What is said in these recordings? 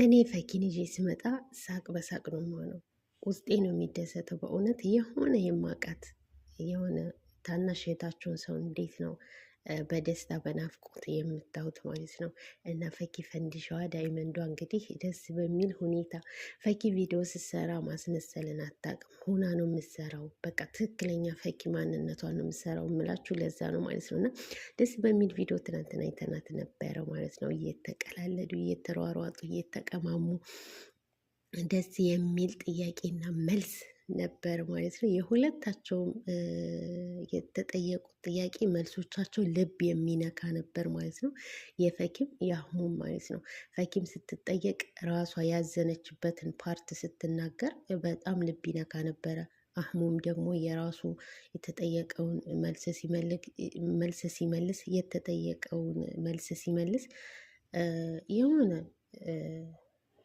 እኔ ፈኪን ይዤ ስመጣ ሳቅ በሳቅ ነው የሚሆነው። ውስጤ ነው የሚደሰተው። በእውነት የሆነ የማውቃት የሆነ ታናሽ እህታችሁን ሰው እንዴት ነው በደስታ በናፍቆት የምታዩት ማለት ነው። እና ፈኪ ፈንዲሻዋ ዳይመንዷ እንግዲህ ደስ በሚል ሁኔታ ፈኪ ቪዲዮ ስትሰራ ማስመሰልን አታውቅም። ሆና ነው የምትሰራው። በቃ ትክክለኛ ፈኪ ማንነቷ ነው የምትሰራው የምላችሁ ለዛ ነው ማለት ነው። እና ደስ በሚል ቪዲዮ ትናንትና አይተናት ነበረ ማለት ነው። እየተቀላለዱ እየተሯሯጡ፣ እየተቀማሙ ደስ የሚል ጥያቄና መልስ ነበር ማለት ነው። የሁለታቸውም የተጠየቁት ጥያቄ መልሶቻቸው ልብ የሚነካ ነበር ማለት ነው። የፈኪም የአህሙም ማለት ነው። ፈኪም ስትጠየቅ ራሷ ያዘነችበትን ፓርት ስትናገር በጣም ልብ ይነካ ነበረ። አህሙም ደግሞ የራሱ የተጠየቀውን መልስ ሲመልስ የተጠየቀውን መልስ ሲመልስ የሆነ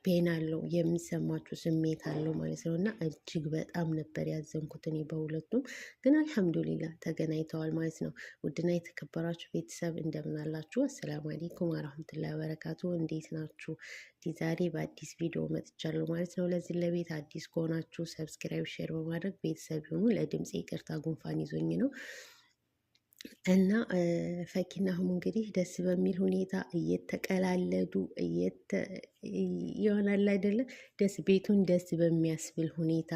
ፔን አለው የሚሰማችሁ ስሜት አለው ማለት ነው። እና እጅግ በጣም ነበር ያዘንኩት እኔ በሁለቱም ግን አልሐምዱሊላ ተገናኝተዋል ማለት ነው። ውድና የተከበራችሁ ቤተሰብ እንደምናላችሁ አሰላሙ አሌይኩም አረህምቱላ ወበረካቱ። እንዴት ናችሁ? ዛሬ በአዲስ ቪዲዮ መጥቻለሁ ማለት ነው። ለዚህ ለቤት አዲስ ከሆናችሁ ሰብስክራይብ፣ ሼር በማድረግ ቤተሰብ ይሁኑ። ለድምፅ ይቅርታ ጉንፋን ይዞኝ ነው። እና ፈኪናሁም እንግዲህ ደስ በሚል ሁኔታ እየተቀላለዱ ይሆናል አይደለ? ደስ ቤቱን ደስ በሚያስብል ሁኔታ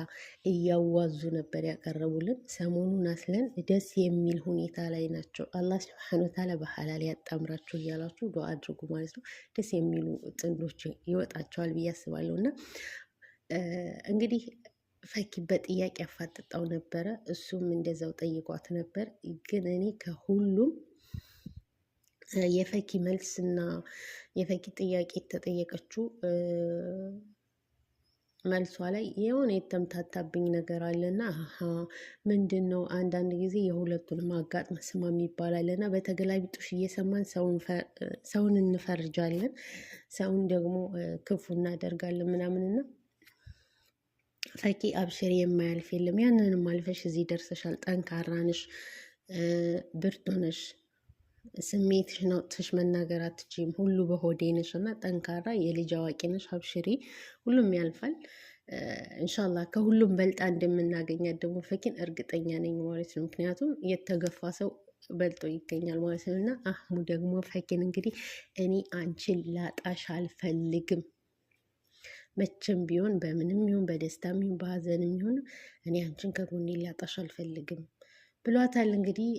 እያዋዙ ነበር ያቀረቡልን። ሰሞኑን አስለን ደስ የሚል ሁኔታ ላይ ናቸው። አላህ ስብሐነ ወተዓላ በሐላል ያጣምራቸው እያላችሁ ዱዓ አድርጉ ማለት ነው። ደስ የሚሉ ጥንዶች ይወጣቸዋል ብዬ አስባለሁ እና እንግዲህ ፈኪ በጥያቄ አፋጥጣው ነበረ። እሱም እንደዛው ጠይቋት ነበር። ግን እኔ ከሁሉም የፈኪ መልስና የፈኪ ጥያቄ የተጠየቀችው መልሷ ላይ የሆነ የተምታታብኝ ነገር አለና ምንድን ነው አንዳንድ ጊዜ የሁለቱንም አጋጥመ ስማም ይባላል እና በተገላቢጦሽ እየሰማን ሰውን እንፈርጃለን፣ ሰውን ደግሞ ክፉ እናደርጋለን ምናምንና ፈኪ አብሽር የማያልፍ የለም። ያንንም አልፈሽ እዚህ ደርሰሻል። ጠንካራ ነሽ፣ ብርቱ ነሽ። ስሜትሽን አውጥተሽ መናገር አትችይም። ሁሉ በሆዴ ነሽ እና ጠንካራ የልጅ አዋቂ ነሽ። አብሽሪ፣ ሁሉም ያልፋል። እንሻላ ከሁሉም በልጣ እንደምናገኛት ደግሞ ፈኪን እርግጠኛ ነኝ ማለት ነው። ምክንያቱም የተገፋ ሰው በልጦ ይገኛል ማለት ነው እና አህሙ ደግሞ ፈኪን እንግዲህ እኔ አንቺን ላጣሽ አልፈልግም መቼም ቢሆን በምንም ይሁን በደስታም ይሁን በሀዘንም ይሁን እኔ አንቺን ከጎኔ ላጣሽ አልፈልግም ብሏታል። እንግዲህ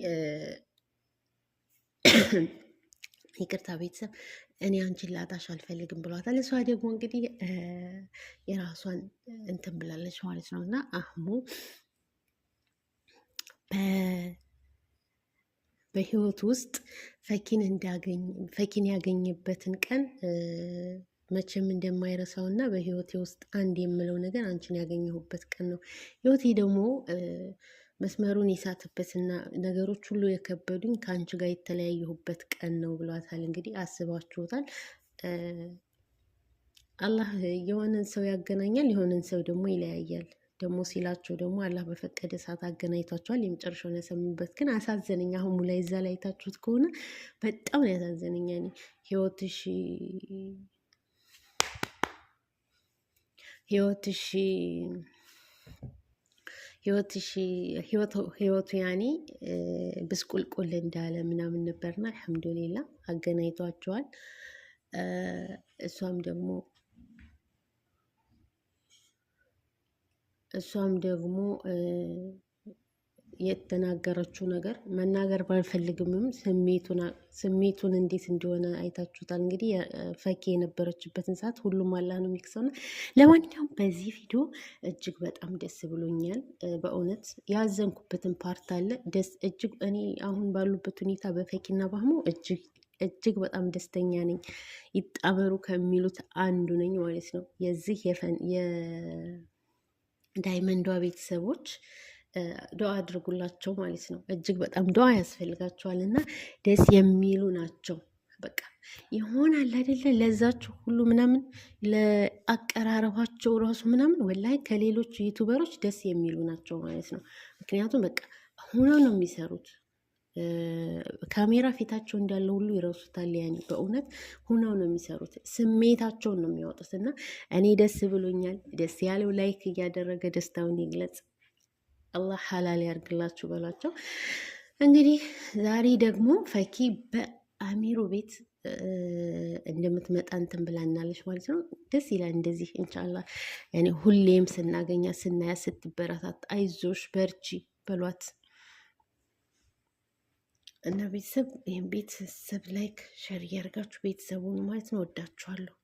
ይቅርታ ቤተሰብ፣ እኔ አንቺን ላጣሽ አልፈልግም ብሏታል። እሷ ደግሞ እንግዲህ የራሷን እንትን ብላለች ማለት ነው እና አህሙ በህይወት ውስጥ ፈኪን እንዳገኝ ፈኪን ያገኘበትን ቀን መቼም እንደማይረሳው እና በህይወቴ ውስጥ አንድ የምለው ነገር አንቺን ያገኘሁበት ቀን ነው። ህይወቴ ደግሞ መስመሩን የሳትበትና ነገሮች ሁሉ የከበዱኝ ከአንቺ ጋር የተለያየሁበት ቀን ነው ብሏታል። እንግዲህ አስባችሁታል። አላህ የሆነን ሰው ያገናኛል፣ የሆነን ሰው ደግሞ ይለያያል። ደግሞ ሲላቸው ደግሞ አላህ በፈቀደ ሰዓት አገናኝቷቸዋል። የመጨረሻውን ያሰሙበት ግን አሳዘነኝ። አሁን ላይ እዛ ላይ አይታችሁት ከሆነ በጣም ያሳዘነኝ ህይወትሽ ህይወትሽ ህይወትሽ ህይወቱ ያኔ ብስቁልቁል እንዳለ ምናምን ነበርና አልሐምዱሊላ አገናኝቷቸዋል። እሷም ደግሞ እሷም ደግሞ የተናገረችው ነገር መናገር ባልፈልግምም ስሜቱን እንዴት እንደሆነ አይታችሁታል። እንግዲህ ፈኬ የነበረችበትን ሰዓት ሁሉም አላህ ነው የሚክሰውና ለማንኛውም በዚህ ቪዲዮ እጅግ በጣም ደስ ብሎኛል። በእውነት ያዘንኩበትን ፓርት አለ ደስ እጅግ እኔ አሁን ባሉበት ሁኔታ በፈኪና ባህሞ እጅግ እጅግ በጣም ደስተኛ ነኝ። ይጣመሩ ከሚሉት አንዱ ነኝ ማለት ነው የዚህ የዳይመንዷ ቤተሰቦች ዱዓ አድርጉላቸው ማለት ነው። እጅግ በጣም ዱዓ ያስፈልጋቸዋል እና ደስ የሚሉ ናቸው። በቃ ይሆናል አይደለ? ለዛችሁ ሁሉ ምናምን ለአቀራረባቸው ራሱ ምናምን ወላይ ከሌሎች ዩቱበሮች ደስ የሚሉ ናቸው ማለት ነው። ምክንያቱም በቃ ሁነው ነው የሚሰሩት ካሜራ ፊታቸው እንዳለ ሁሉ ይረሱታል። ያኔ በእውነት ሁነው ነው የሚሰሩት፣ ስሜታቸውን ነው የሚያወጡት እና እኔ ደስ ብሎኛል። ደስ ያለው ላይክ እያደረገ ደስታውን ይግለጽ። አላህ ሀላል ያርግላችሁ በሏቸው። እንግዲህ ዛሬ ደግሞ ፈኪ በአሚሩ ቤት እንደምትመጣ እንትን ብላናለች ማለት ነው። ደስ ይላል እንደዚህ እንሻላ ያኔ ሁሌም ስናገኛ ስናያ ስትበረታት አይዞሽ በርቺ በሏት እና ቤተሰብ ይህም ቤተሰብ ላይክ ሸር ያርጋችሁ ቤተሰቡን ማለት ነው። ወዳችኋለሁ።